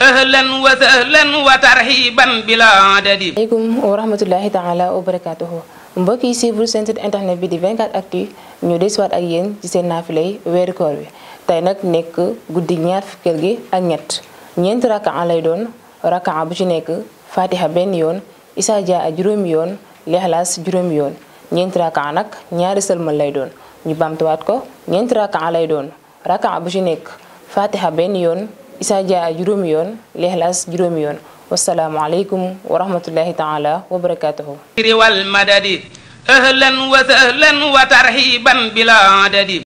ahlan wa sahlan wa tarhiban bila adadi aleykum wa rahmatullahi taala wa internet bi di 24 actu ñu desiwaat ak yéen ci seen naafilay weeri koor bi tey nag nekk guddi ñaar fukkeel gi ak ñett ñeenti rakaa lay doon rakaa bu ci nekk fatiha benn yoon isa jaa juróomi yoon lexlaas juróomi yoon ñeenti rakaa ñaari sëlmal lay doon ñu bamtuwaat ko ñeenti rakaa lay doon bu ci nekk fatiha benn yoon isa jaa juróomi yoon lexlaas juróomi yoon wasalaamualeykum wa rahmatullahi taala wa barakaatuhu riwal madadi ahlan wa sahlan wa tarhiban bila adadi